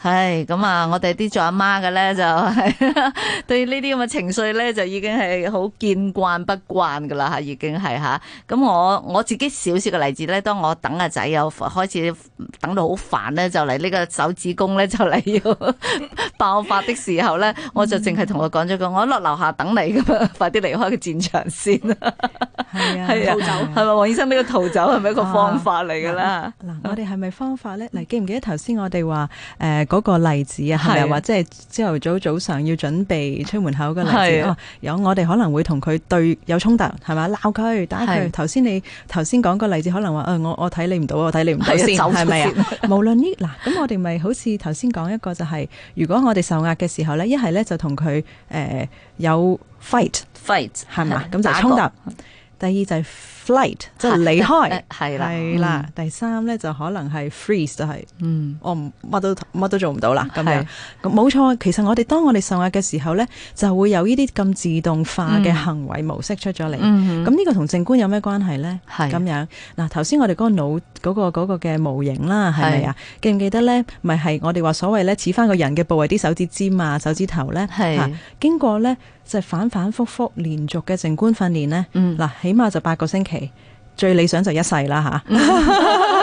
係咁啊！我哋啲做阿媽嘅咧，就係對呢啲咁嘅情緒咧，就已經係好見慣不慣噶啦吓，已經係吓。咁我我自己少少嘅例子咧，當我等阿仔又開始等到好煩咧，就嚟呢個手指公咧，就嚟要爆發的時候咧， 我就淨係同佢講咗句：我落樓下等你㗎嘛，快啲離開個戰場先。係啊，啊，走係咪？黃、啊啊、醫生呢、這個逃走係咪一個方法嚟噶啦？嗱、啊，我哋係咪方法咧？嗱， 記唔記得頭先我哋話誒？呃嗰、那個例子是是啊，係咪或者係朝頭早早上要準備出門口個例子？哦、啊啊，有我哋可能會同佢對有衝突，係咪？鬧佢，打佢。頭先、啊、你頭先講個例子，可能話我我睇你唔到，我睇你唔到，你到先，係咪啊？ 無論呢嗱，咁我哋咪好似頭先講一個就係、是，如果我哋受壓嘅時候咧，一係咧就同佢誒有 fight fight 係嘛？咁、啊、就衝突。第二就係 flight，即係離開，係、啊、啦，係啦、嗯。第三咧就可能係 freeze，就係、是，嗯，我唔乜都乜都做唔到啦咁樣。冇錯，其實我哋當我哋受壓嘅時候咧，就會有呢啲咁自動化嘅行為模式出咗嚟。咁、嗯嗯、呢個同正觀有咩關係咧？係咁樣。嗱，頭先我哋嗰個腦嗰、那個嗰個嘅模型啦，係咪啊？記唔記得咧？咪係我哋話所謂咧，似翻個人嘅部位啲手指尖啊，手指頭咧，係、啊、經過咧。即、就、係、是、反反覆覆、連續嘅靜觀訓練呢，嗱、嗯，起碼就八個星期，最理想就一世啦嚇。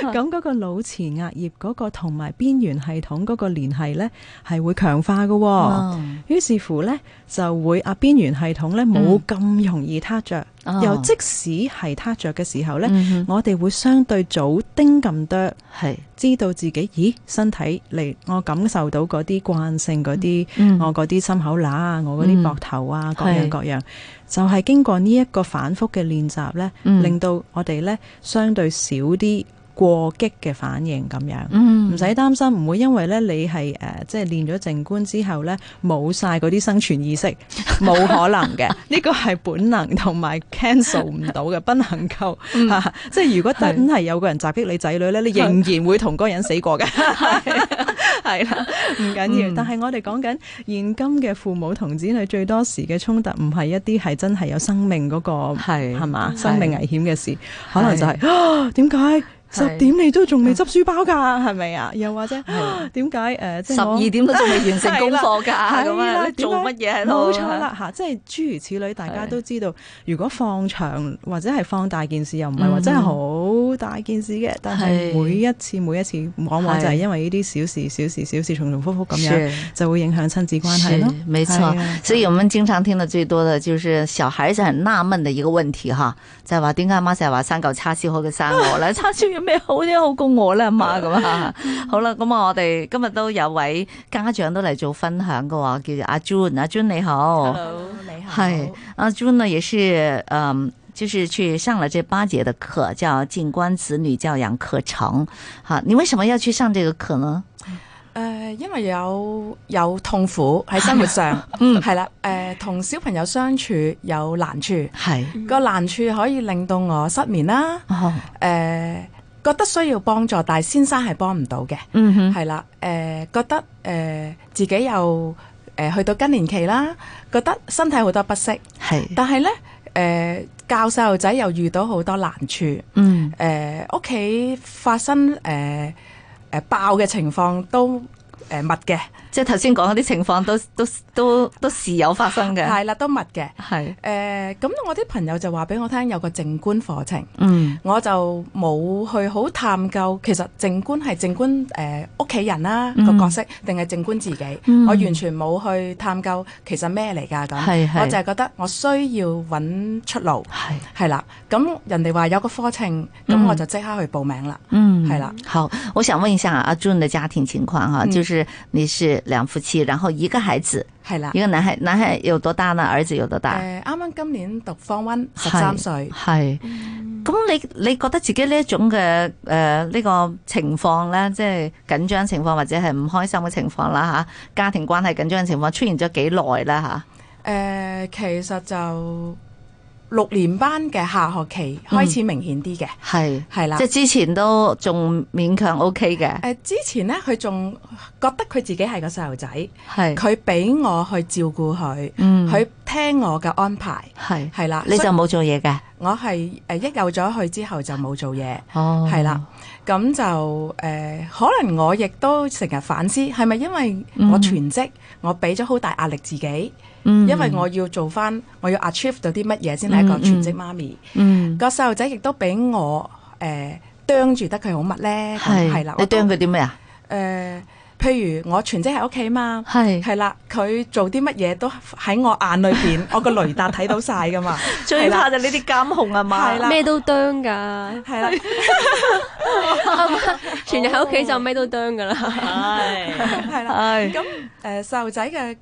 咁、那、嗰個腦前額葉嗰個同埋邊緣系統嗰個聯繫呢係會強化喎、哦。於、oh. 是乎呢，就會阿邊緣系統呢冇咁、mm. 容易塌着。Oh. 又即使係塌着嘅時候呢，mm-hmm. 我哋會相對早丁咁多，係知道自己咦身體嚟我感受到嗰啲慣性嗰啲、mm.，我嗰啲心口乸，啊，我嗰啲膊頭啊，各樣各樣，就係、是、經過呢一個反覆嘅練習呢，mm. 令到我哋呢相對少啲。過激嘅反應咁樣，唔使擔心，唔會因為咧你係、呃、即係練咗靜觀之後咧，冇晒嗰啲生存意識，冇 可能嘅。呢、這個係本能同埋 cancel 唔到嘅，不能夠、嗯啊、即係如果真係有個人襲擊你仔女咧，你仍然會同嗰個人死過嘅。係啦，唔緊要。但係我哋講緊現今嘅父母同子女最多時嘅衝突，唔係一啲係真係有生命嗰、那個係嘛生命危險嘅事，可能就係、是、啊點解？十點你都仲未執書包㗎，係咪啊？又或者點解誒？十二、啊呃、點都仲未完成功課㗎？咁 啊，做乜嘢係咯？冇錯啦，嚇，即係諸如此類，大家都知道。如果放長或者係放大件事，又唔係話真係好大件事嘅、嗯，但係每一次每一次，每一次，往往就係因為呢啲小事、小事、小事，重重複複咁樣，就會影響親子關係咯。冇錯，所以我們經常聽得最多嘅，就是小孩子很納悶的一個問題，哈。係啊。啊 咩好啲好過我啦，阿媽咁啊！好啦，咁啊，我哋今日都有位家長都嚟做分享嘅，叫做阿 June。阿 June 你好，Hello, 你好，係阿 June 呢？也是，嗯，就是去上了這八節嘅課，叫《靜觀子女教養課程》啊。好，你為什麼要去上這個課呢？誒、呃，因為有有痛苦喺生活上，嗯 是的，係 啦，誒、呃，同小朋友相處有難處，係個、嗯、難處可以令到我失眠啦、啊，誒、uh-huh. 呃。覺得需要幫助，但係先生係幫唔到嘅。嗯哼，係啦，誒覺得誒自己又誒去到更年期啦，覺得身體好多不適，係，但係咧誒教細路仔又遇到好多難處，嗯，誒屋企發生誒誒爆嘅情況都誒密嘅。即係頭先講嗰啲情況都都都都時有發生嘅，係啦，都密嘅，係。誒、呃，咁我啲朋友就話俾我聽有個靜觀課程，嗯，我就冇去好探究，其實靜觀係靜觀誒屋企人啦個角色，定係靜觀自己，嗯、我完全冇去探究其實咩嚟噶，咁，我就係覺得我需要揾出路，係係啦。咁人哋話有個課程，咁、嗯、我就即刻去報名啦。嗯，係啦。好，我想問一下阿 June 嘅家庭情況哈、嗯，就是你是。兩夫妻，然後一個孩子，係啦，一個男孩。男孩有多大呢？兒子有多大？誒、呃，啱啱今年讀方温，十三歲。係，咁、嗯、你你覺得自己呢一種嘅誒呢個情況咧，即、就、係、是、緊張情況或者係唔開心嘅情況啦，吓、啊、家庭關係緊張嘅情況出現咗幾耐啦，吓、啊？誒、呃，其實就。六年班嘅下學期開始明顯啲嘅，係係啦，即係之前都仲勉強 OK 嘅。誒、呃、之前咧，佢仲覺得佢自己係個細路仔，係佢俾我去照顧佢，佢、嗯、聽我嘅安排，係係啦，你就冇做嘢嘅，我係誒、呃、一有咗佢之後就冇做嘢，係、哦、啦，咁就誒、呃、可能我亦都成日反思，係咪因為我全職，嗯、我俾咗好大壓力自己。嗯、因為我要做翻，我要 achieve 到啲乜嘢先係一個全職媽咪、嗯。嗯，個細路仔亦都俾我誒啄、呃、住得佢好密咧，係啦、嗯。你啄佢啲咩啊？誒、呃，譬如我全職喺屋企嘛，係係啦，佢做啲乜嘢都喺我眼裏邊， 我個雷達睇到晒噶嘛。最怕就呢啲監控啊嘛，咩都啄㗎。係啦， 全職喺屋企就咩都啄㗎啦。係係啦，咁誒細路仔嘅。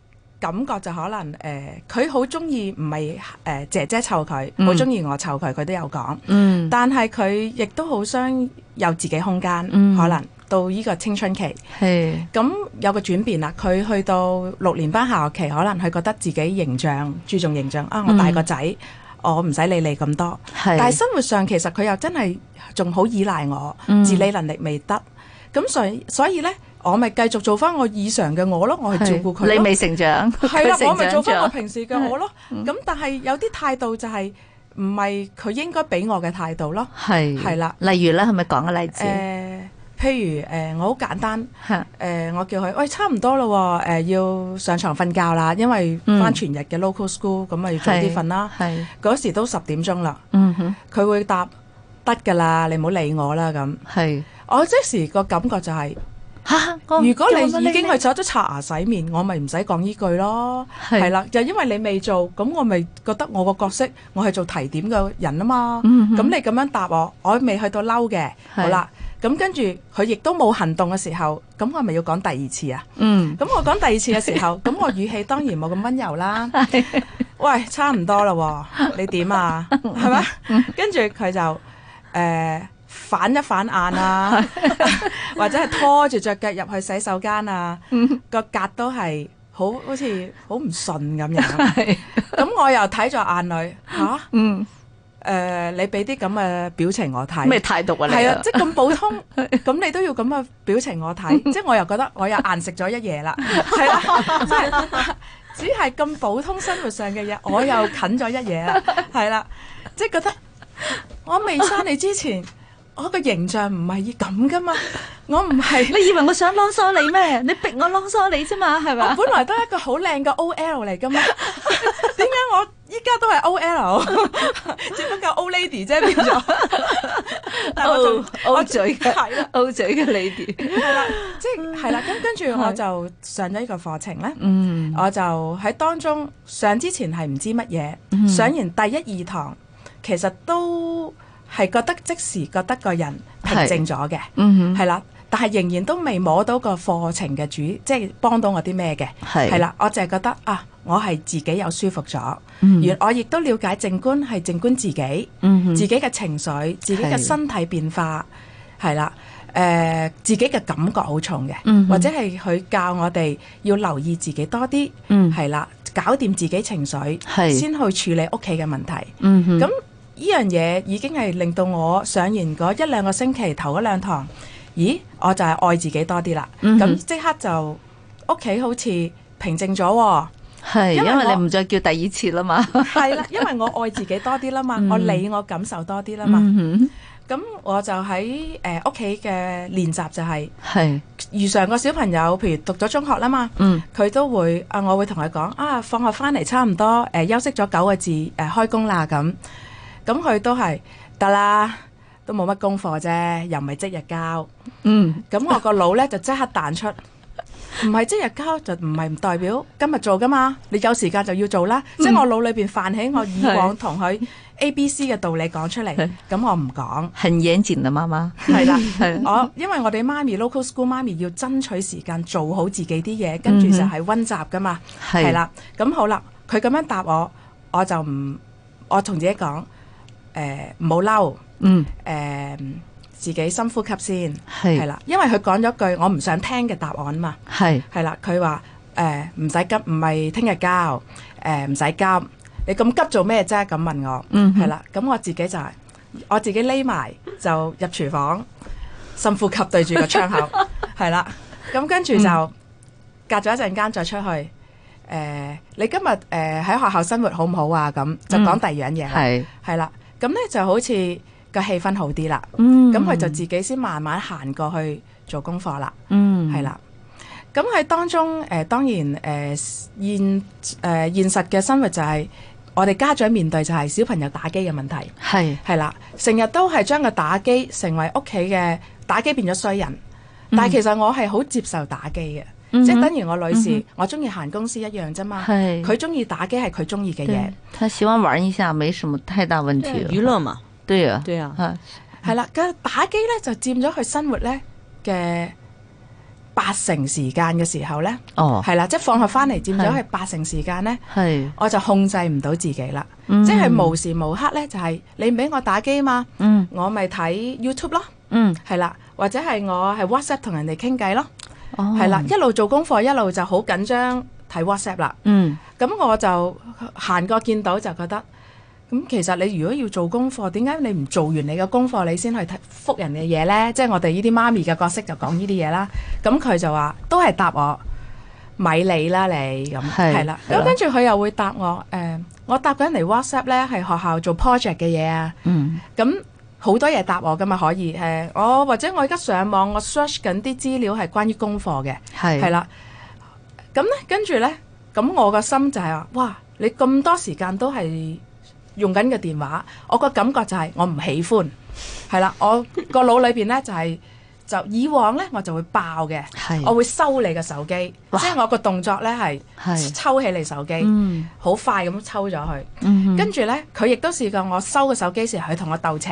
感覺就可能誒，佢好鍾意唔係誒姐姐湊佢，好鍾意我湊佢，佢都有講。嗯，但係佢亦都好想有自己空間。嗯、可能到呢個青春期係咁有個轉變啦。佢去到六年班下學期，可能佢覺得自己形象，注重形象啊！我大個仔、嗯，我唔使理你咁多。但係生活上其實佢又真係仲好依賴我、嗯，自理能力未得。咁所以所以呢。我咪繼續做翻我以上嘅我咯，我係照顧佢。你未成長，係啦，我咪做翻我平時嘅我咯。咁但係有啲態度就係唔係佢應該俾我嘅態度咯。係係啦，例如咧係咪講個例子？誒，譬如誒，我好簡單，誒，我叫佢喂，差唔多咯，誒，要上床瞓覺啦，因為翻全日嘅 local school，咁咪要早啲瞓啦。係嗰時都十點鐘啦，嗯哼，佢會答得㗎啦，你唔好理我啦。咁係我即時個感覺就係。如果你已經去走咗刷牙洗面，我咪唔使講呢句咯，係啦，就因為你未做，咁我咪覺得我個角色我係做提點嘅人啊嘛，咁、嗯、你咁樣答我，我未去到嬲嘅，好啦，咁跟住佢亦都冇行動嘅時候，咁我咪要講第二次啊，咁、嗯、我講第二次嘅時候，咁 我語氣當然冇咁溫柔啦，喂，差唔多啦，你點啊？係、嗯、咪、嗯？跟住佢就誒。呃反一反眼啊， 或者係拖住隻腳入去洗手間啊，個 格都係好好似好唔順咁樣。咁 我又睇咗眼淚，吓、 啊？嗯，誒，你俾啲咁嘅表情我睇。咩態度啊你？係啊，即係咁普通，咁你都要咁嘅表情我睇，即係我又覺得我又硬食咗一嘢啦，係啦、啊，即 係 只係咁普通生活上嘅嘢，我又啃咗一嘢啦，係啦、啊，即、就、係、是、覺得我未生你之前。 我個形象唔係咁噶嘛，我唔係，你以為我想囉嗦你咩？你逼我囉嗦你啫嘛，係咪？本來都係一個好靚嘅 OL 嚟噶嘛，點 解我依家都係 OL，只不過 O lady 啫，變咗。但係我仲 O 嘴，係啦，O 嘴嘅 lady，係啦，即係啦。咁跟住我就上咗呢個課程咧，嗯，我就喺當中上之前係唔知乜嘢，上完第一二堂其實都。係覺得即時覺得個人平靜咗嘅，係、嗯、啦，但係仍然都未摸到個課程嘅主，即、就、係、是、幫到我啲咩嘅，係啦，我就係覺得啊，我係自己有舒服咗、嗯，而我亦都了解靜觀係靜觀自己，嗯、自己嘅情緒，自己嘅身體變化，係啦，誒、呃，自己嘅感覺好重嘅、嗯，或者係佢教我哋要留意自己多啲，嗯，係啦，搞掂自己情緒，先去處理屋企嘅問題，咁、嗯。呢樣嘢已經係令到我上完嗰一兩個星期，頭嗰兩堂，咦，我就係愛自己多啲啦。咁、嗯、即刻就屋企好似平靜咗。係，因為你唔再叫第二次啦嘛。係 啦，因為我愛自己多啲啦嘛、嗯，我理我感受多啲啦嘛。咁、嗯、我就喺誒屋企嘅練習就係、是、係如常個小朋友，譬如讀咗中學啦嘛，嗯，佢都會啊，我會同佢講啊，放學翻嚟差唔多，誒、呃，休息咗九個字，誒、呃，開工啦咁。這樣咁佢都係得啦，都冇乜功課啫，又唔係即日交。嗯，咁我個腦咧就即刻彈出，唔係即日交就唔係唔代表今日做噶嘛。你有時間就要做啦。即我腦裏邊泛起我以往同佢 A、B、C 嘅道理講出嚟，咁我唔講。很嚴謹的媽媽，係啦，我因為我哋媽咪 local school 媽咪要爭取時間做好自己啲嘢，跟住就係溫習噶嘛，係啦。咁好啦，佢咁樣答我，我就唔，我同自己講。誒、呃，唔好嬲，嗯，誒、呃，自己深呼吸先，係啦，因為佢講咗句我唔想聽嘅答案嘛，係，係啦，佢話誒唔使急，唔係聽日交，誒唔使急，你咁急做咩啫？咁問我，嗯，係啦，咁、嗯嗯、我自己就係，我自己匿埋就入廚房， 深呼吸對住個窗口，係 啦，咁、嗯、跟住就隔咗一陣間再出去，誒、嗯呃，你今日誒喺學校生活好唔好啊？咁就講第二樣嘢，係，係啦。嗯咁咧就好似個氣氛好啲啦，咁、mm-hmm. 佢就自己先慢慢行過去做功課啦，係、mm-hmm. 啦。咁喺當中誒、呃，當然誒、呃現，呃、現實嘅生活就係我哋家長面對就係小朋友打機嘅問題，係係啦，成日都係將個打機成為屋企嘅打機變咗衰人，mm-hmm. 但其實我係好接受打機嘅。嗯、即係等於我女士，嗯、我中意行公司一樣啫嘛。佢中意打機係佢中意嘅嘢。佢喜歡玩一下，沒什麼太大問題。娛樂嘛，對啊，對啊。係、嗯、啦，佢打機咧就佔咗佢生活咧嘅八成時間嘅時候咧。哦，係啦，即係放學翻嚟佔咗係八成時間咧，係我就控制唔到自己啦。即係無時無刻咧，就係、是、你唔俾我打機啊嘛。嗯，我咪睇 YouTube 咯。嗯，係啦，或者係我係 WhatsApp 同人哋傾偈咯。係、oh. 啦，一路做功課，一路就好緊張睇 WhatsApp 啦。嗯，咁我就行過見到就覺得，咁其實你如果要做功課，點解你唔做完你嘅功課，你先去睇覆人嘅嘢呢？即、就、係、是、我哋呢啲媽咪嘅角色就講呢啲嘢啦。咁、mm. 佢就話都係答我，咪你啦你咁，係啦。咁跟住佢又會答我，誒、呃，我答緊嚟 WhatsApp 呢係學校做 project 嘅嘢啊。嗯、mm.，咁。好多嘢答我噶嘛，可以，誒我或者我而家上網，我 search 緊啲資料係關於功課嘅，係係啦。咁咧跟住咧，咁我個心就係、是、話：哇！你咁多時間都係用緊個電話，我個感覺就係我唔喜歡。係 啦，我個腦裏邊咧就係、是、就以往咧我就會爆嘅，我會收你嘅手機，即係我個動作咧係抽起你的手機，好、嗯、快咁抽咗佢。跟住咧佢亦都試過我收個手機時，佢同我鬥扯。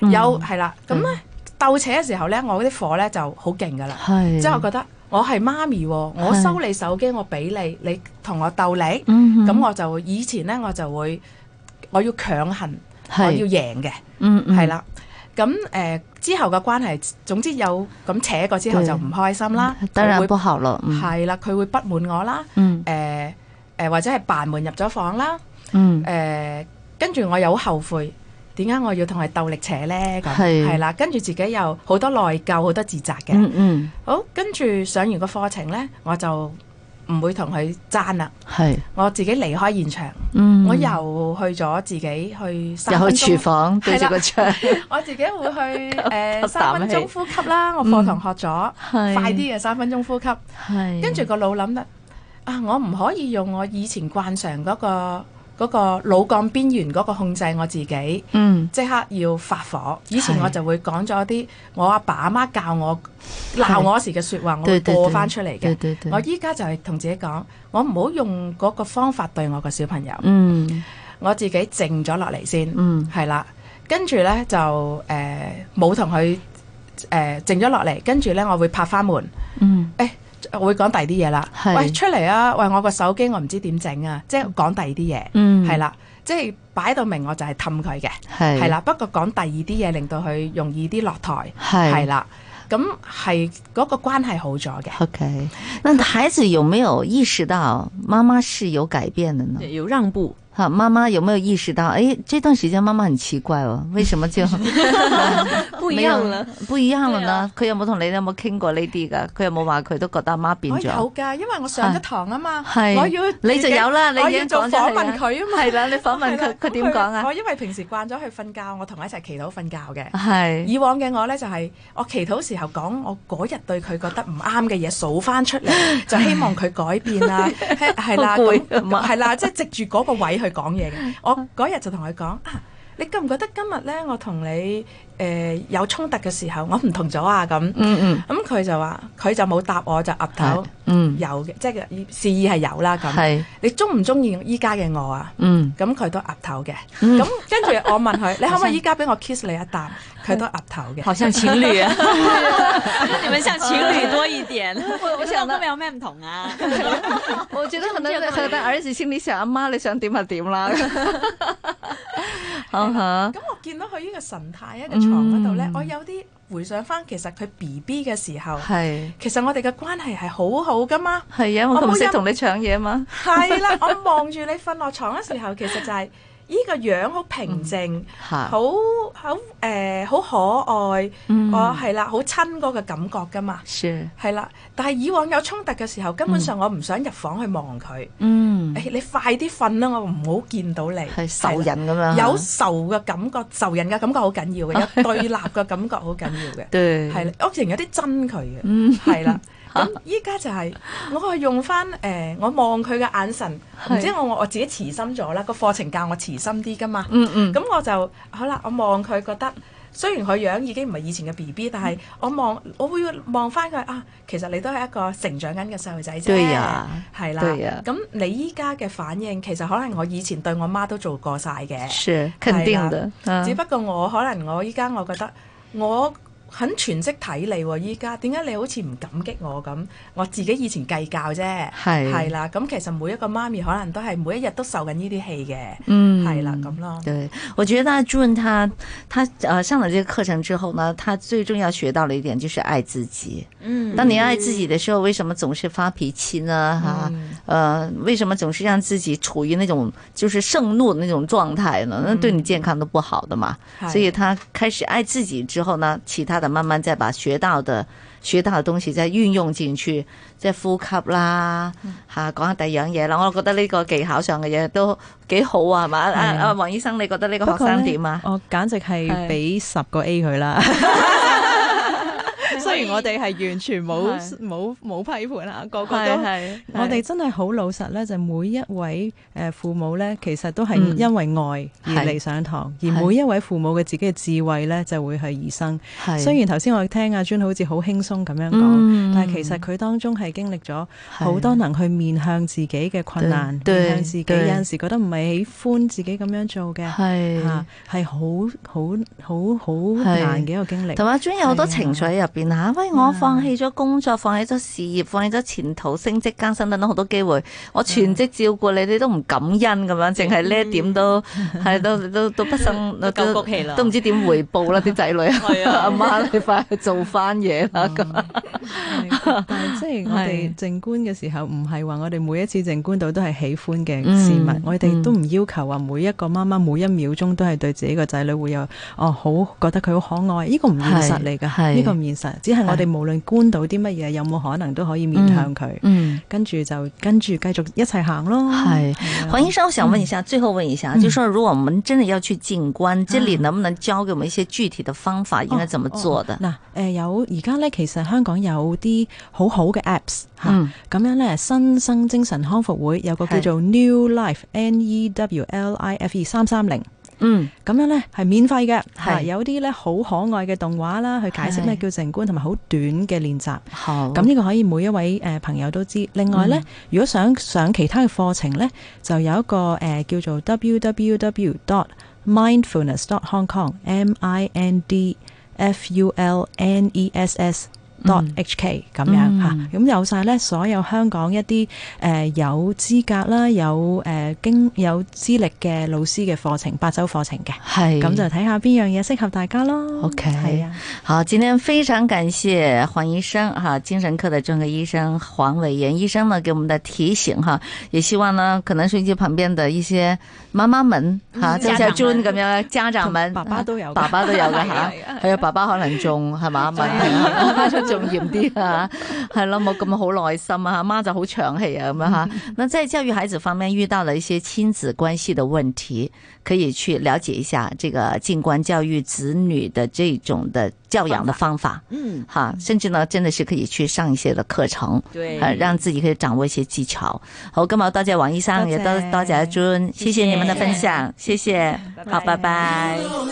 有、嗯、係啦，咁咧鬥扯嘅時候咧，我嗰啲火咧就好勁噶啦，即係我覺得我係媽咪，我收你手機，我俾你，你同我鬥力，咁我就以前咧我就會我要強行，我要贏嘅，係、嗯、啦，咁、呃、之後嘅關係，總之有咁扯過之後就唔開心啦，當然不好啦，係啦，佢會不滿我啦，嗯呃、或者係閂門入咗房啦，誒、嗯呃、跟住我又好後悔。點解我要同佢鬥力扯呢？咁係啦，跟住自己又好多內疚，好多自責嘅。嗯嗯，好，跟住上完個課程呢，我就唔會同佢爭啦。係，我自己離開現場。嗯、我又去咗自己去。又去廚房對住個窗。的 我自己會去誒三分鐘呼吸啦氣。我課堂學咗，快啲嘅三分鐘呼吸。嗯、呼吸跟住個腦諗得、啊，我唔可以用我以前慣常嗰、嗰個。嗰個腦幹邊緣嗰個控制我自己，嗯，即刻要發火。以前我就會講咗啲我阿爸阿媽教我鬧我時嘅説話，我會播翻出嚟嘅。我依家就係同自己講，我唔好用嗰個方法對我個小朋友。嗯，我自己靜咗落嚟先。嗯，係啦，跟住呢就誒冇同佢誒靜咗落嚟，跟住呢，我會拍翻門。嗯、欸我會講第二啲嘢啦，喂出嚟啊！喂我個手機我唔知點整啊，即係講第二啲嘢，嗯、係啦，即係擺到明我就係氹佢嘅，係啦。不過講第二啲嘢令到佢容易啲落台，係啦。咁係嗰個關係好咗嘅。Okay. 那孩子有沒有意識到媽媽是有改變的呢？有讓步。媽媽有沒有意識到？誒、哎，這段時間媽媽很奇怪、哦、為什麼就不一樣不一樣了呢？佢有冇同你，你有冇傾過呢啲噶？佢有冇話佢都覺得阿媽變咗？有噶，因為我上咗堂啊嘛、哎，我要你就有啦，你要做訪問佢啊嘛，係啦，你訪問佢，佢點講啊？我因為平時慣咗去瞓覺，我同佢一齊祈禱瞓覺嘅。係以往嘅我咧，就係、是、我祈禱時候講我嗰日對佢覺得唔啱嘅嘢數翻出嚟，就希望佢改變、啊、 是啦，係啦係啦，即、就、係、是、藉住嗰個位去。佢講嘢嘅，我嗰日就同佢講啊，你覺唔覺得今日咧，我同你誒、呃、有衝突嘅時候，我唔同咗啊，咁，嗯、mm-hmm. 嗯，咁佢就話，佢就冇答我，就岌頭。 嗯，有嘅，即係佢示意係有啦。咁，你中唔中意依家嘅我啊？嗯，咁佢都岌頭嘅。咁、嗯、跟住我問佢， 你可唔可以依家俾我 kiss 你一啖？佢都岌頭嘅、嗯。好像情侶啊，咁 你們像情侶多一點。我覺得我想到有咩唔同啊。 我最得問到你，佢第二次簽呢時阿媽你想點就點啦。咁 我見到佢呢個神態喺個床嗰度咧，我有啲。回想翻，其實佢 B B 嘅時候，其實我哋嘅關係係好好㗎嘛。係啊，我唔識同你搶嘢啊嘛。係 啦，我望住你瞓落床嘅時候，其實就係、是。依、這個樣好平靜，好好誒好可愛，嗯、哦係啦，好親嗰個感覺噶嘛，係、sure. 啦。但係以往有衝突嘅時候、嗯，根本上我唔想入房去望佢。嗯、誒、哎、你快啲瞓啦，我唔好見到你。係仇人咁樣、嗯，有仇嘅感覺，仇人嘅感覺好緊要嘅， 有對立嘅感覺好緊要嘅。對，係 啦，屋企有啲憎佢嘅，係 啦。咁依家就係我係用翻誒、呃，我望佢嘅眼神，唔知我我我自己慈心咗啦。個課程教我慈心啲㗎嘛。嗯嗯。咁我就好啦，我望佢覺得，雖然佢樣已經唔係以前嘅 BB，但係我望我會望翻佢啊。其實你都係一個成長緊嘅細路仔啫。對呀，係啦。對呀。咁你依家嘅反應，其實可能我以前對我媽都做過晒嘅。係肯定嘅、啊。只不過我可能我依家我覺得我。很全息睇你喎，依家點解你好似唔感激我咁？我自己以前計較啫，係係啦。咁其實每一個媽咪可能都係每一日都受緊呢啲氣嘅，嗯，係啦咁咯。對，我覺得 j u n 他他上了這個課程之後呢，他最重要學到了一點就是愛自己。嗯，當你愛自己的時候，為什麼總是發脾氣呢？哈、嗯，呃、啊，為什麼總是讓自己處於那種就是盛怒的那種狀態呢、嗯？那對你健康都不好的嘛的。所以他開始愛自己之後呢，其他。慢慢係把學到的、學到的東西再運用進去，即係呼吸啦，吓講下第二樣嘢啦。我覺得呢個技巧上嘅嘢都幾好、嗯、啊，係嘛？啊啊王醫生，你覺得呢個學生點啊？我簡直係俾十個 A 佢啦。 雖然我哋係完全冇冇冇批判啊，個個都，我哋真係好老實咧，就每一位誒父母咧，其實都係因為愛而嚟上堂、嗯，而每一位父母嘅自己嘅智慧咧，就會係而生。雖然頭先我聽阿 June 好似好輕鬆咁樣講、嗯，但係其實佢當中係經歷咗好多能去面向自己嘅困難，對，對自己對有陣時覺得唔係喜歡自己咁樣做嘅，係係好好好好難嘅一個經歷。同阿 June 有好多情緒喺入邊。啊！喂，我放棄咗工作，yeah. 放棄咗事業，放棄咗前途、升職、加薪等等好多機會，我全職照顧你，yeah. 你都唔感恩咁樣，淨係呢一點都係、yeah. 都都都，都不生，覺 啦，都唔知點回報啦啲仔女，阿、yeah. 媽你快去做翻嘢啦咁。但係即係我哋靜觀嘅時候，唔係話我哋每一次靜觀到都係喜歡嘅事物，mm. 我哋都唔要求話每一個媽媽每一秒鐘都係對自己個仔女會有、mm. 哦好覺得佢好可愛，呢、這個唔現實嚟㗎，呢、這個唔現實。只係我哋無論觀到啲乜嘢，有冇可能都可以面向佢，跟住就跟住繼續一齊行咯。係、嗯、黃醫生，我想問一下、嗯，最後問一下，嗯、就是、說如果我們真的要去靜觀、嗯，這裏能不能教給我們一些具體的方法，應該怎麼做的？嗱、哦，誒有而家咧，哦呃呃、其實香港有啲好好嘅 apps 吓、嗯，咁、啊、樣咧，新生精神康復會有個叫做 New Life N E W L I F E 三三零。N-E-W-L-I-F-2-330, 嗯，咁樣咧係免費嘅、啊，有啲咧好可愛嘅動畫啦，去解釋咩叫靜觀，同埋好短嘅練習。好，咁呢個可以每一位誒、呃、朋友都知。另外咧、嗯，如果想上其他嘅課程咧，就有一個誒、呃、叫做 www dot mindfulness dot Hong Kong M.I.N.D.F.U.L.N.E.S.S dot H K 咁樣吓，咁有晒咧所有香港一啲誒有資格啦，有誒經有資歷嘅老師嘅課程，八周課程嘅係，咁就睇下邊樣嘢適合大家咯。OK 係啊，好，今天非常感謝黃醫生吓，精神科的專科醫生黃瑋妍醫生呢，給我們的提醒吓，也希望呢可能睡喺旁邊的一些媽媽們吓，家長咁樣，家長們，家長們，家長們爸爸都有，爸爸都有嘅吓，係 啊， 爸爸可能仲係嘛，咪 啊，出 重嚴啲啊，係咯，冇咁好耐心啊，媽就好長氣啊，咁樣吓。那在教育孩子方面遇到了一些親子關係的問題，可以去了解一下這個靜觀教育子女的這種的教養的方法，方法。嗯，哈、啊，甚至呢，真的是可以去上一些的課程，對，啊，讓自己可以掌握一些技巧。好，咁我多謝黃醫生，謝謝也多多謝 June，謝謝你們的分享，謝謝，謝謝謝謝，好、Bye-bye，拜拜。